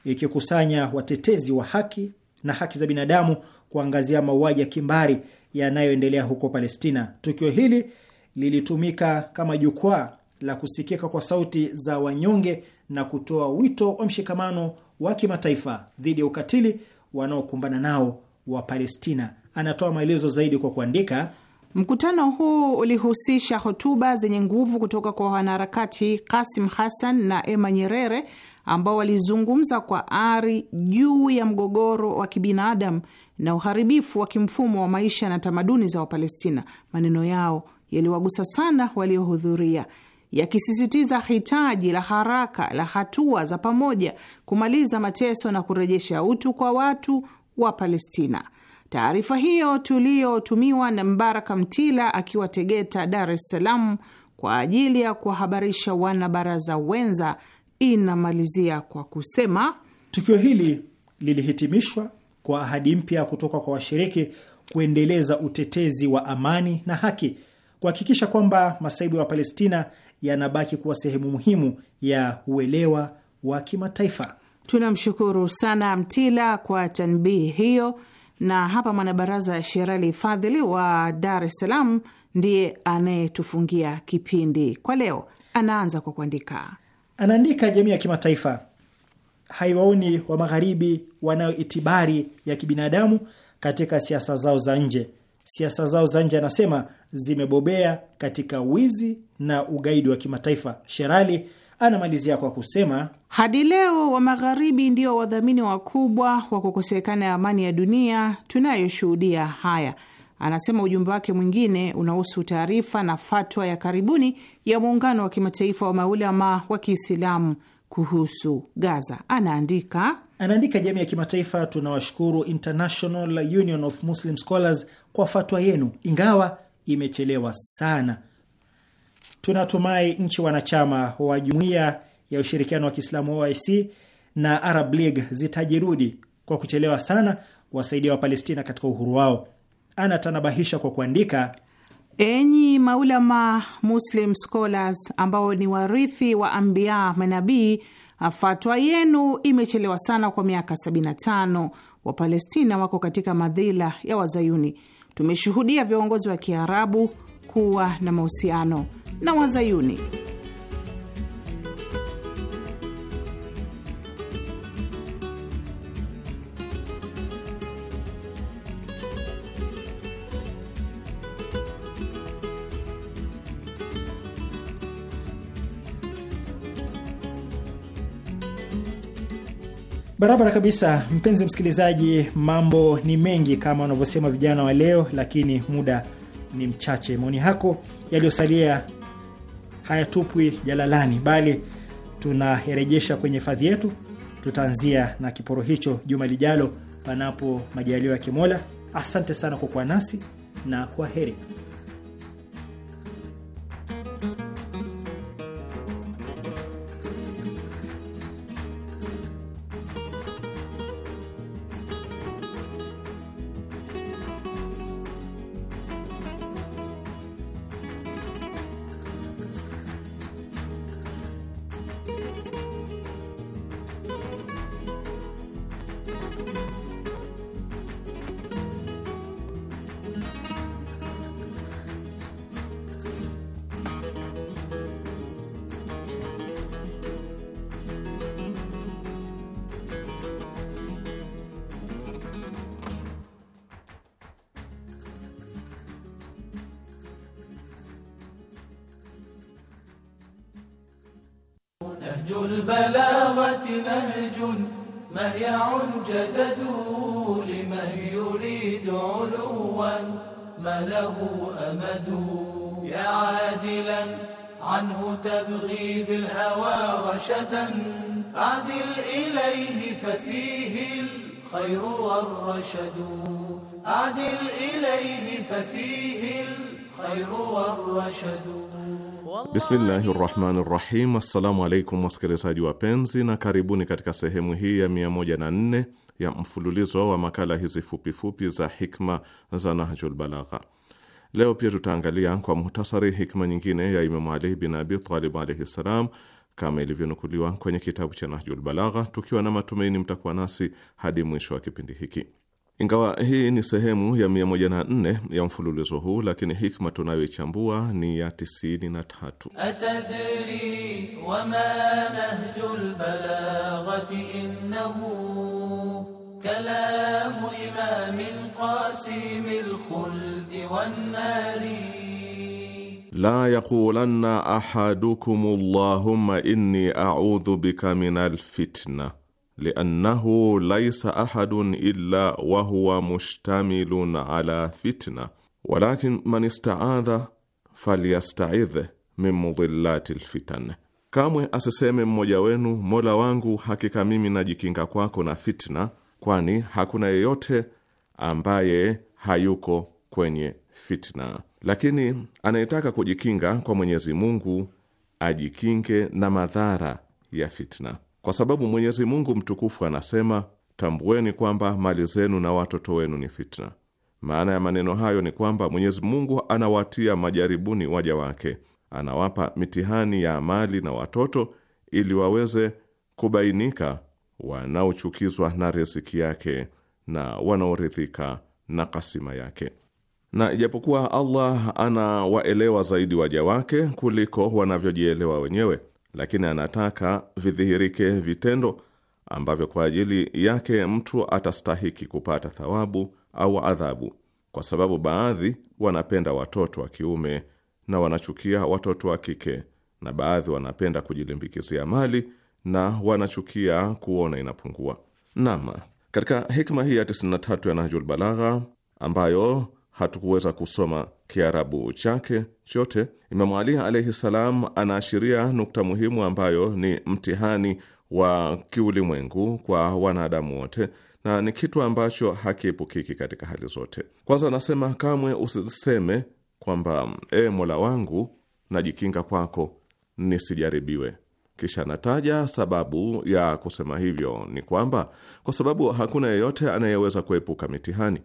ikikusanya watetezi wa haki na haki za binadamu kuangazia mauaji ya kimbari yanayoendelea huko Palestina. Tukio hili lilitumika kama jukwaa la kusikika kwa sauti za wanyonge na kutoa wito wa mshikamano wa kimataifa dhidi ya ukatili wanaokumbana nao wa Palestina anatoa maelezo zaidi kwa kuandika
Mkutano huu ulihusisha hotuba zenye nguvu kutoka kwa wanaharakati Kasim Hassan na Emma Nyerere ambao walizungumza kwa ari juu ya mgogoro wa kibinadamu na uharibifu wa kimfumo wa maisha na tamaduni za Wapalestina. Maneno yao yaliwagusa sana waliohudhuria, yakisisitiza hitaji la haraka la hatua za pamoja kumaliza mateso na kurejesha utu kwa watu wa Palestina. Taarifa hiyo tuliyotumiwa na Mbaraka Mtila akiwa Tegeta, Dar es Salaam, kwa ajili ya kuwahabarisha wanabaraza wenza inamalizia kwa kusema
tukio hili lilihitimishwa kwa ahadi mpya kutoka kwa washiriki kuendeleza utetezi wa amani na haki, kuhakikisha kwamba masaibu ya Palestina yanabaki kuwa sehemu muhimu ya uelewa wa kimataifa.
Tunamshukuru sana Mtila kwa tanbihi hiyo na hapa mwanabaraza Sherali Fadhili wa Dar es Salaam ndiye anayetufungia kipindi kwa leo. Anaanza kwa kuandika,
anaandika jamii ya kimataifa haiwaoni wa magharibi wanayo itibari ya kibinadamu katika siasa zao za nje. Siasa zao za nje, anasema zimebobea katika wizi na ugaidi wa kimataifa. Sherali Anamalizia kwa kusema
hadi leo wa Magharibi ndio wadhamini wakubwa wa kukosekana amani ya dunia tunayoshuhudia. Haya, anasema. Ujumbe wake mwingine unahusu taarifa na fatwa ya karibuni ya muungano wa kimataifa wa maulama wa Kiislamu
kuhusu Gaza. Anaandika anaandika jamii ya kimataifa, tunawashukuru International Union of Muslim Scholars kwa fatwa yenu, ingawa imechelewa sana Tunatumai nchi wanachama wa Jumuiya ya Ushirikiano wa Kiislamu OIC na Arab League zitajirudi kwa kuchelewa sana kuwasaidia Wapalestina katika uhuru wao. Anatanabahisha kwa kuandika
Enyi maulama Muslim scholars ambao ni warithi wa ambia manabii, fatwa yenu imechelewa sana kwa miaka 75. Wapalestina wako katika madhila ya Wazayuni. Tumeshuhudia viongozi wa Kiarabu kuwa na mahusiano na Wazayuni.
Barabara kabisa, mpenzi msikilizaji, mambo ni mengi kama wanavyosema vijana wa leo, lakini muda ni mchache. Maoni yako yaliyosalia hayatupwi jalalani, bali tunayarejesha kwenye hifadhi yetu. Tutaanzia na kiporo hicho juma lijalo, panapo majaliwa ya Kimola. Asante sana kwa kuwa nasi na kwa heri.
Bismillahi rahmani rahim. Assalamu alaikum wasikilizaji wapenzi, na karibuni katika sehemu hii ya 104 ya mfululizo wa makala hizi fupifupi za hikma za Nahjul Balagha. Leo pia tutaangalia kwa muhtasari hikma nyingine ya Imamu Ali bin Abi Talib alaihi ssalam, kama ilivyonukuliwa kwenye kitabu cha Nahjul Balagha, tukiwa na matumaini mtakuwa nasi hadi mwisho wa kipindi hiki. Ingawa hii ni sehemu ya 104 ya mfululizo huu, lakini hikma tunayoichambua ni ya 93. la yaqulanna ahadukum allahumma inni a'udhu bika min alfitna liannahu laisa ahadun illa wahuwa mushtamilun ala fitna walakin man istaadha falyastaidh min mudhillati lfitan, kamwe asiseme mmoja wenu mola wangu, hakika mimi najikinga kwako na fitna, kwani hakuna yeyote ambaye hayuko kwenye fitna. Lakini anayetaka kujikinga kwa Mwenyezi Mungu ajikinge na madhara ya fitna kwa sababu Mwenyezi Mungu mtukufu anasema, tambueni kwamba mali zenu na watoto wenu ni fitna. Maana ya maneno hayo ni kwamba Mwenyezi Mungu anawatia majaribuni waja wake, anawapa mitihani ya mali na watoto ili waweze kubainika wanaochukizwa na riziki yake na wanaoridhika na kasima yake. Na ijapokuwa Allah anawaelewa zaidi waja wake kuliko wanavyojielewa wenyewe lakini anataka vidhihirike vitendo ambavyo kwa ajili yake mtu atastahiki kupata thawabu au adhabu, kwa sababu baadhi wanapenda watoto wa kiume na wanachukia watoto wa kike, na baadhi wanapenda kujilimbikizia mali na wanachukia kuona inapungua. Naam, katika hikma hii ya 93 ya Nahjul Balagha ambayo hatukuweza kusoma Kiarabu chake chote. Imamu Ali alaihi salam anaashiria nukta muhimu ambayo ni mtihani wa kiulimwengu kwa wanadamu wote na ni kitu ambacho hakiepukiki katika hali zote. Kwanza anasema kamwe usiseme kwamba e, Mola wangu najikinga kwako nisijaribiwe. Kisha anataja sababu ya kusema hivyo ni kwamba kwa sababu hakuna yeyote anayeweza kuepuka mitihani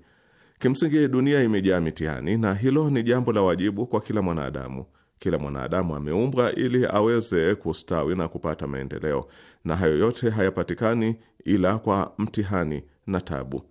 Kimsingi, dunia imejaa mitihani na hilo ni jambo la wajibu kwa kila mwanadamu. Kila mwanadamu ameumbwa ili aweze kustawi na kupata maendeleo, na hayo yote hayapatikani ila kwa mtihani na tabu.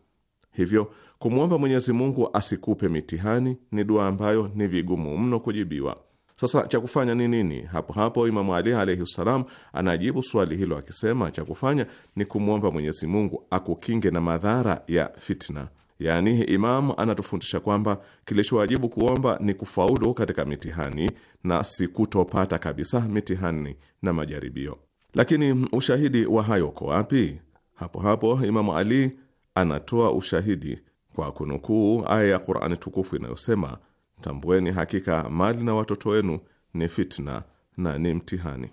Hivyo kumwomba Mwenyezi Mungu asikupe mitihani ni dua ambayo ni vigumu mno kujibiwa. Sasa cha kufanya ni nini? Hapo hapo Imamu Ali alaihi ssalam anajibu swali hilo akisema, cha kufanya ni kumwomba Mwenyezi Mungu akukinge na madhara ya fitna Yaani, Imam anatufundisha kwamba kilichowajibu kuomba ni kufaulu katika mitihani na si kutopata kabisa mitihani na majaribio. Lakini ushahidi wa hayo uko wapi? Hapo hapo Imamu Ali anatoa ushahidi kwa kunukuu aya ya Qur'ani tukufu inayosema, tambueni hakika mali na watoto wenu ni fitna na ni mtihani.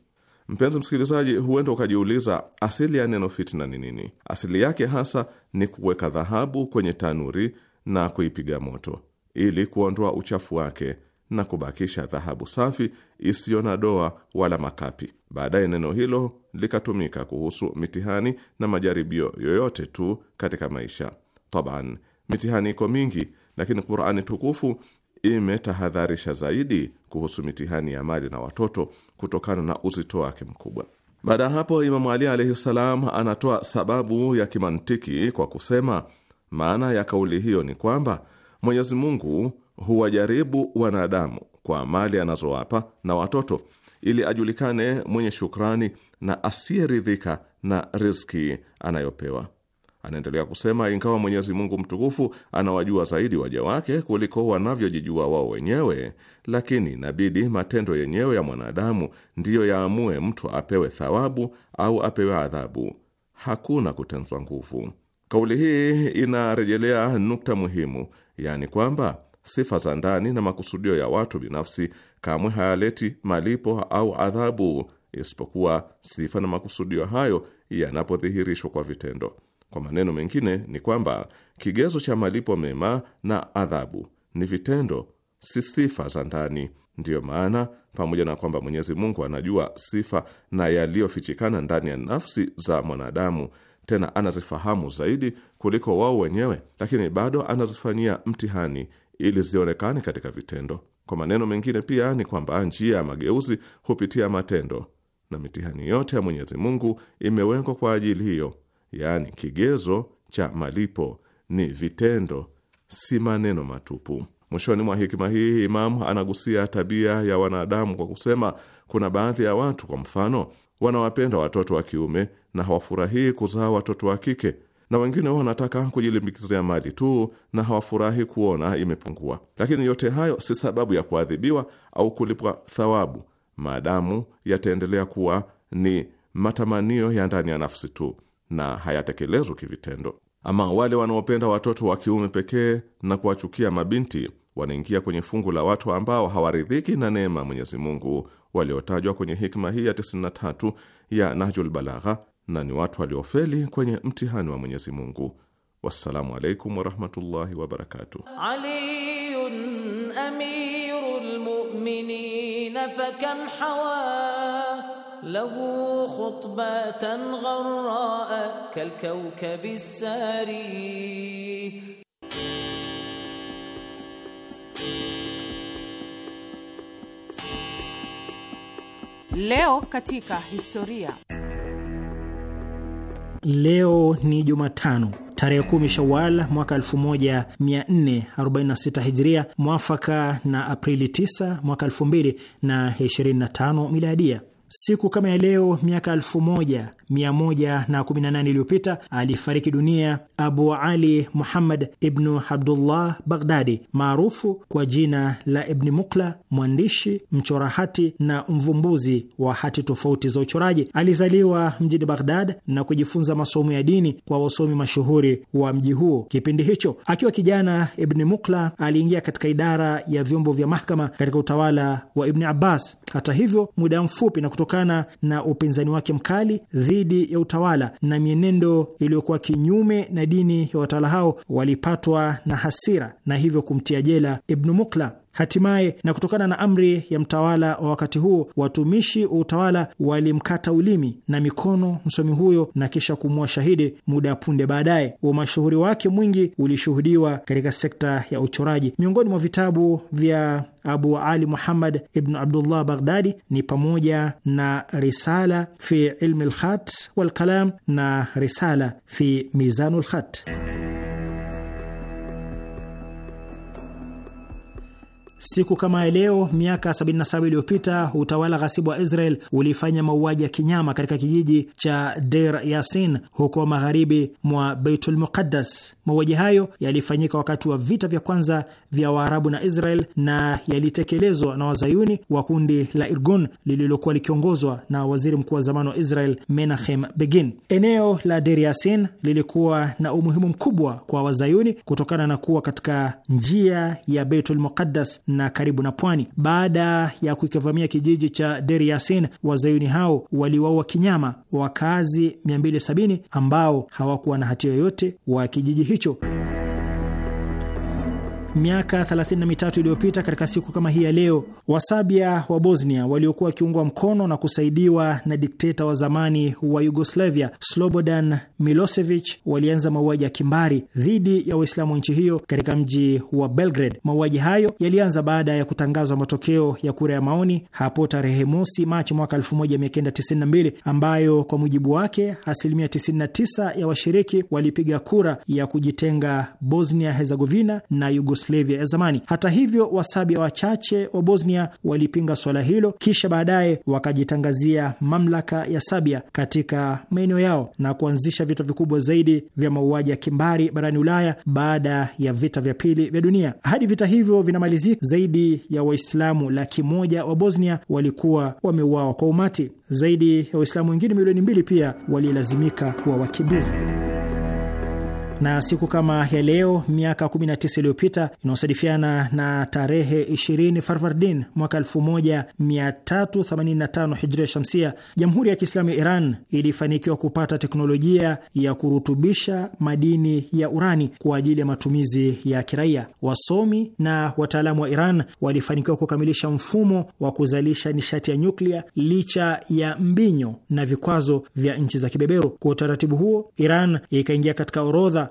Mpenzi msikilizaji, huenda ukajiuliza asili ya neno fitna ni nini? Asili yake hasa ni kuweka dhahabu kwenye tanuri na kuipiga moto ili kuondoa uchafu wake na kubakisha dhahabu safi isiyo na doa wala makapi. Baadaye neno hilo likatumika kuhusu mitihani na majaribio yoyote tu katika maisha. Taban, mitihani iko mingi, lakini Qur'ani tukufu imetahadharisha zaidi kuhusu mitihani ya mali na watoto kutokana na uzito wake mkubwa. Baada ya hapo, Imamu Ali alaihi ssalam anatoa sababu ya kimantiki kwa kusema, maana ya kauli hiyo ni kwamba Mwenyezi Mungu huwajaribu wanadamu kwa mali anazowapa na watoto ili ajulikane mwenye shukrani na asiyeridhika na riziki anayopewa. Anaendelea kusema ingawa Mwenyezi Mungu mtukufu anawajua zaidi waja wake kuliko wanavyojijua wao wenyewe, lakini inabidi matendo yenyewe ya mwanadamu ndiyo yaamue mtu apewe thawabu au apewe adhabu. Hakuna kutenzwa nguvu. Kauli hii inarejelea nukta muhimu, yaani kwamba sifa za ndani na makusudio ya watu binafsi kamwe hayaleti malipo au adhabu, isipokuwa sifa na makusudio hayo yanapodhihirishwa kwa vitendo. Kwa maneno mengine ni kwamba kigezo cha malipo mema na adhabu ni vitendo, si sifa za ndani. Ndiyo maana pamoja na kwamba Mwenyezi Mungu anajua sifa na yaliyofichikana ndani ya nafsi za mwanadamu, tena anazifahamu zaidi kuliko wao wenyewe, lakini bado anazifanyia mtihani ili zionekane katika vitendo. Kwa maneno mengine pia ni kwamba njia ya mageuzi hupitia matendo, na mitihani yote ya Mwenyezi Mungu imewekwa kwa ajili hiyo yaani kigezo cha malipo ni vitendo, si maneno matupu. Mwishoni mwa hikima hii, Imamu anagusia tabia ya wanadamu kwa kusema, kuna baadhi ya watu, kwa mfano, wanawapenda watoto wa kiume na hawafurahii kuzaa watoto wa kike, na wengine wanataka kujilimbikizia mali tu na hawafurahi kuona imepungua. Lakini yote hayo si sababu ya kuadhibiwa au kulipwa thawabu, maadamu yataendelea kuwa ni matamanio ya ndani ya nafsi tu na hayatekelezwi kivitendo. Ama wale wanaopenda watoto wa kiume pekee na kuwachukia mabinti wanaingia kwenye fungu la watu ambao hawaridhiki na neema Mwenyezi Mungu waliotajwa kwenye hikma hii ya 93 ya Nahjul Balagha, na ni watu waliofeli kwenye mtihani wa Mwenyezi Mungu. Wassalamu alaikum warahmatullahi wabarakatuh.
Aliyun amirul mu'minin fakam hawa له خطبة غراء كالكوكب الساري
Leo katika historia.
Leo ni Jumatano tarehe kumi Shawal mwaka 1446 Hijria, mwafaka na Aprili 9 mwaka 2025 Miladia. Siku kama ya leo miaka elfu moja 118 iliyopita alifariki dunia Abu Ali Muhammad Ibnu Abdullah Baghdadi, maarufu kwa jina la Ibni Mukla, mwandishi, mchora hati na mvumbuzi wa hati tofauti za uchoraji. Alizaliwa mjini Baghdad na kujifunza masomo ya dini kwa wasomi mashuhuri wa mji huo kipindi hicho. Akiwa kijana, Ibni Mukla aliingia katika idara ya vyombo vya mahakama katika utawala wa Ibni Abbas. Hata hivyo, muda mfupi na kutokana na upinzani wake mkali dhidi ya utawala na mienendo iliyokuwa kinyume na dini ya watawala hao, walipatwa na hasira na hivyo kumtia jela Ibnu Mukla. Hatimaye, na kutokana na amri ya mtawala wa wakati huo, watumishi wa utawala walimkata ulimi na mikono msomi huyo na kisha kumua shahidi muda ya punde baadaye. Umashuhuri wake mwingi ulishuhudiwa katika sekta ya uchoraji. Miongoni mwa vitabu vya Abu Ali Muhammad ibn Abdullah Baghdadi ni pamoja na Risala fi ilmi lkhat walkalam na Risala fi mizanu lkhat. Siku kama ya leo miaka 77 iliyopita utawala ghasibu wa Israel ulifanya mauaji ya kinyama katika kijiji cha Deir Yasin huko magharibi mwa Beitul Muqaddas. Mauaji hayo yalifanyika wakati wa vita vya kwanza vya Waarabu na Israel na yalitekelezwa na wazayuni wa kundi la Irgun lililokuwa likiongozwa na waziri mkuu wa zamani wa Israel Menachem Begin. Eneo la Deir Yasin lilikuwa na umuhimu mkubwa kwa wazayuni kutokana na kuwa katika njia ya Beitul Muqaddas na karibu na pwani. Baada ya kukivamia kijiji cha Deri Yasin, wazayuni hao waliwaua kinyama wakazi 270 ambao hawakuwa na hatia yoyote wa kijiji hicho. Miaka 33 iliyopita katika siku kama hii ya leo, Wasabia wa Bosnia waliokuwa wakiungwa mkono na kusaidiwa na dikteta wa zamani wa Yugoslavia Slobodan Milosevic walianza mauaji ya kimbari dhidi ya Waislamu wa nchi hiyo katika mji wa Belgrade. Mauaji hayo yalianza baada ya kutangazwa matokeo ya kura ya maoni hapo tarehe mosi Machi mwaka 1992 ambayo kwa mujibu wake asilimia 99 ya washiriki walipiga kura ya kujitenga Bosnia Herzegovina na Yugoslavia Yugoslavia ya zamani. Hata hivyo, Wasabia wachache wa Bosnia walipinga swala hilo, kisha baadaye wakajitangazia mamlaka ya Sabia katika maeneo yao na kuanzisha vita vikubwa zaidi vya mauaji ya kimbari barani Ulaya baada ya vita vya pili vya dunia. Hadi vita hivyo vinamalizika, zaidi ya Waislamu laki moja wa Bosnia walikuwa wameuawa kwa umati. Zaidi ya Waislamu wengine milioni mbili pia walilazimika kuwa wakimbizi na siku kama ya leo miaka 19 iliyopita inaosadifiana na tarehe 20 Farvardin mwaka 1385 hijria shamsia, Jamhuri ya Kiislamu ya Iran ilifanikiwa kupata teknolojia ya kurutubisha madini ya urani kwa ajili ya matumizi ya kiraia. Wasomi na wataalamu wa Iran walifanikiwa kukamilisha mfumo wa kuzalisha nishati ya nyuklia licha ya mbinyo na vikwazo vya nchi za kibeberu. Kwa utaratibu huo, Iran ikaingia katika orodha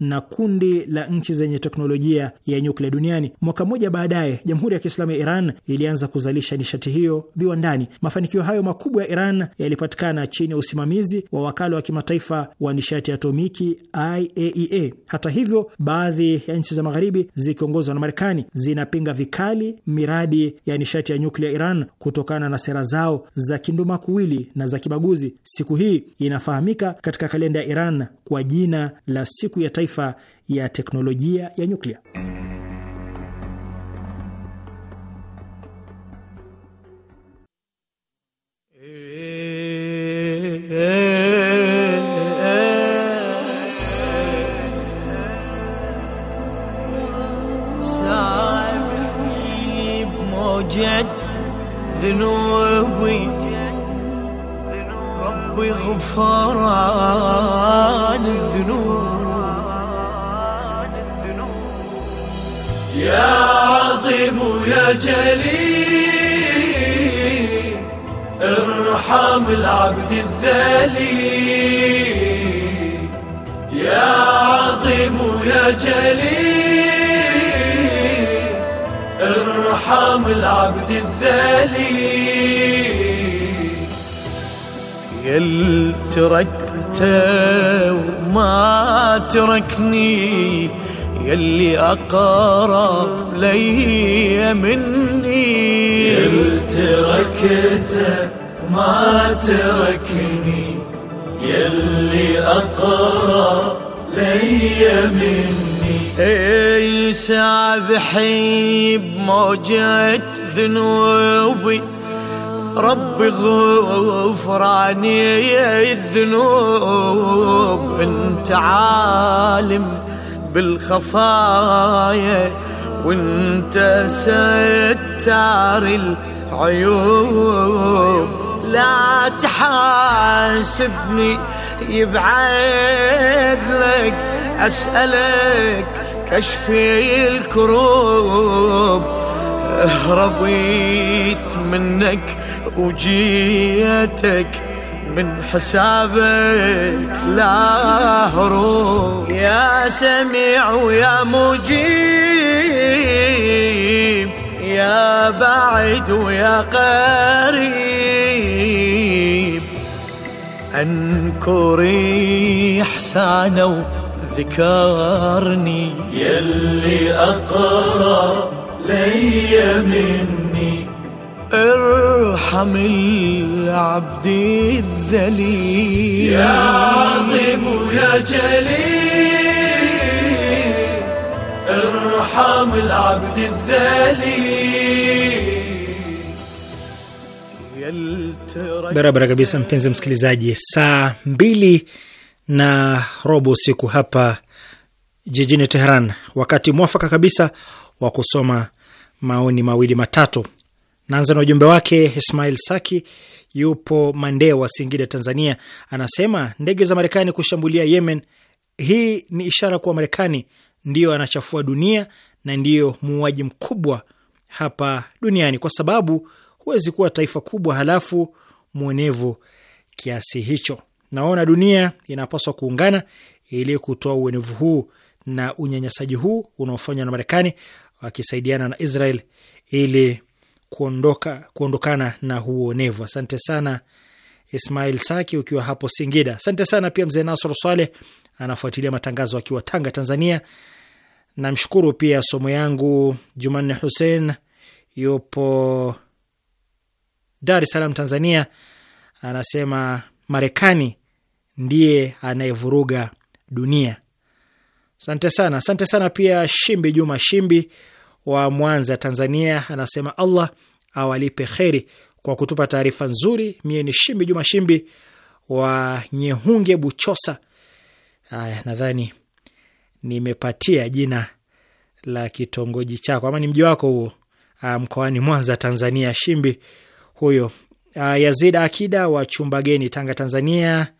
na kundi la nchi zenye teknolojia ya nyuklia duniani. Mwaka mmoja baadaye, Jamhuri ya Kiislamu ya Iran ilianza kuzalisha nishati hiyo viwandani. Mafanikio hayo makubwa ya Iran yalipatikana chini ya usimamizi wa wakala wa kimataifa wa nishati ya atomiki IAEA. E Hata hivyo, baadhi ya nchi za Magharibi zikiongozwa na Marekani zinapinga vikali miradi ya nishati ya nyuklia Iran kutokana na sera zao za kindumakuwili na za kibaguzi. Siku hii inafahamika katika kalenda ya Iran kwa jina la siku ya taifa kimataifa ya teknolojia ya nyuklia.
ذنوبي ربي غفران الذنوب يا عظيم يا جليل ارحم العبد الذليل يا عظيم يا جليل ارحم العبد
الذليل
يل تركته وما تركني يلي أقرب لي مني يل تركته ما تركني يلي أقرب لي مني اي سعب حيب موجة ذنوبي ربي غفراني الذنوب انت عالم بالخفايا وانت ستار العيوب لا تحاسبني يبعد لك أسألك كشفي الكروب اهربيت منك وجيتك من حسابك لا هروب يا سميع ويا مجيب يا بعيد ويا قريب انكري احسانا وذكرني يلي اقرب لي مني ارحم العبد الذليل يا عظيم يا جليل ارحم العبد الذليل
barabara kabisa, mpenzi msikilizaji, saa mbili na robo usiku hapa jijini Teheran, wakati mwafaka kabisa wa kusoma maoni mawili matatu Naanza na ujumbe wake Ismail Saki, yupo wa Singida, Tanzania. Anasema ndege za Marekani kushambulia Yemen, hii ni ishara kuwa Marekani ndiyo anachafua dunia na ndiyo muuaji mkubwa hapa duniani, kwa sababu huwezi kuwa taifa kubwa halafu mwonevu kiasi hicho. Naona dunia inapaswa kuungana ili kutoa uonevu huu na unyanyasaji huu unaofanywa na Marekani wakisaidiana na Israel ili kuondoka kuondokana na nevu. Asante sana Ismail Saki ukiwa hapo Singida. Asante sana pia mzee Nasr Saleh anafuatilia matangazo akiwa Tanga, Tanzania. Namshukuru pia somo yangu Jumanne Hussein yupo Dar es Salaam, Tanzania, anasema Marekani ndiye anayevuruga dunia. Asante sana, asante sana pia Shimbi Juma Shimbi wa Mwanza, Tanzania, anasema Allah awalipe kheri kwa kutupa taarifa nzuri. Mie ni Shimbi Juma Shimbi wa Nyehunge, Buchosa. aya nadhani nimepatia jina la kitongoji chako ama ni mji wako huo mkoani Mwanza, Tanzania. Shimbi huyo. Yazid Akida wa Chumbageni, Tanga, Tanzania,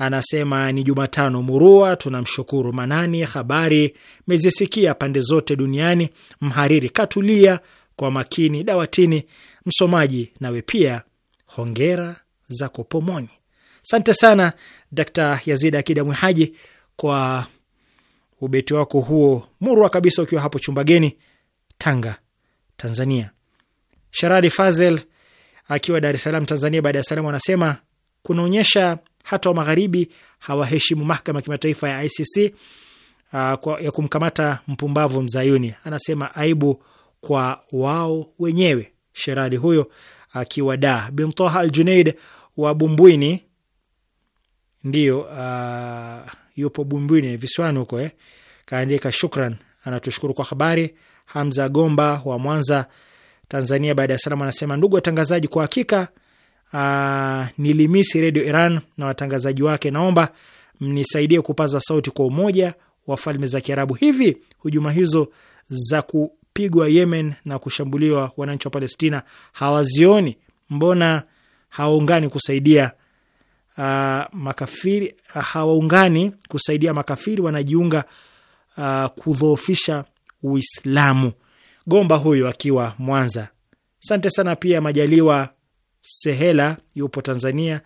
anasema ni Jumatano murua, tunamshukuru Manani. Habari mezisikia pande zote duniani, mhariri katulia kwa makini dawatini, msomaji nawe pia, hongera za pomoni. Sante sana Dakta Yazid Akida Mwihaji kwa ubeti wako huo murua kabisa, ukiwa hapo Chumbageni, Tanga, Tanzania. Sharadi Fazel akiwa Dar es Salaam, Tanzania, baada ya salamu anasema kunaonyesha hata wa magharibi hawaheshimu mahakama ya kimataifa ya ICC uh, ya kumkamata mpumbavu mzayuni. Anasema aibu kwa wao wenyewe. Sherali huyo akiwa uh, bin Bintoha Al Junaid wa Bumbwini ndiyo uh, yupo Bumbwini visiwani huko eh. Kaandika shukran, anatushukuru kwa habari. Hamza Gomba wa Mwanza Tanzania, baada ya salamu, anasema ndugu watangazaji, kwa hakika uh, nilimisi Redio Iran na watangazaji wake, naomba mnisaidie kupaza sauti kwa Umoja wa Falme za Kiarabu. Hivi hujuma hizo za kupigwa Yemen na kushambuliwa wananchi wa Palestina hawazioni? Mbona hawaungani kusaidia Uh, makafiri hawaungani kusaidia makafiri, wanajiunga uh, kudhoofisha Uislamu. Gomba huyo akiwa Mwanza. Asante sana pia Majaliwa Sehela yupo Tanzania.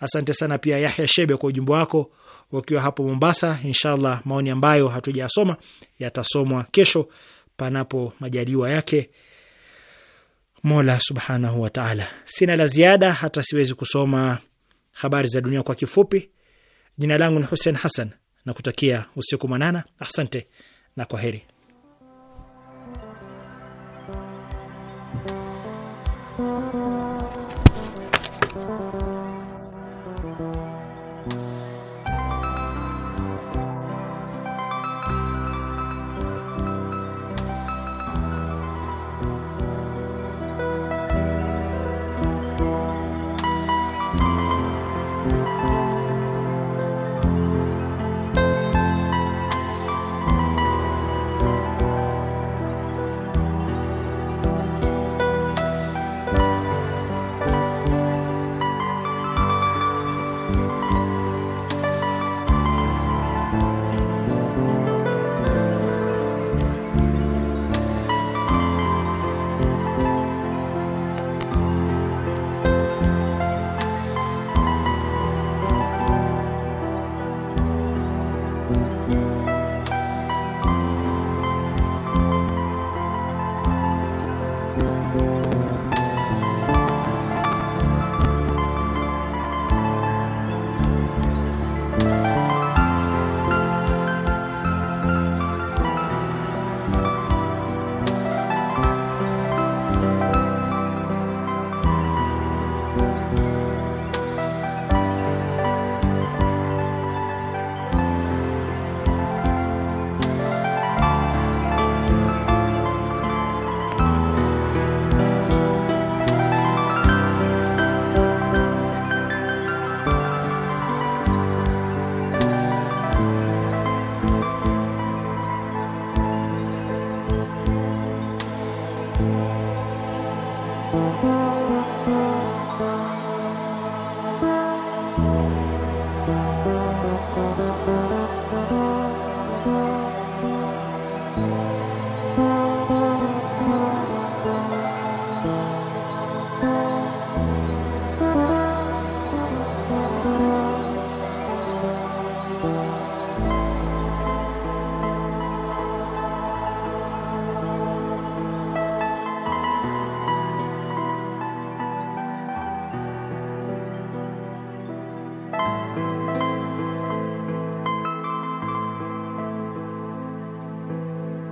Asante sana pia Yahya Shebe kwa ujumbe wako wakiwa hapo Mombasa. Inshallah, maoni ambayo hatujayasoma yatasomwa kesho, panapo majaliwa yake Mola subhanahu wa taala. Sina la ziada, hata siwezi kusoma habari za dunia kwa kifupi. Jina langu ni Hussein Hassan, nakutakia usiku mwanana. Asante na kwa heri. you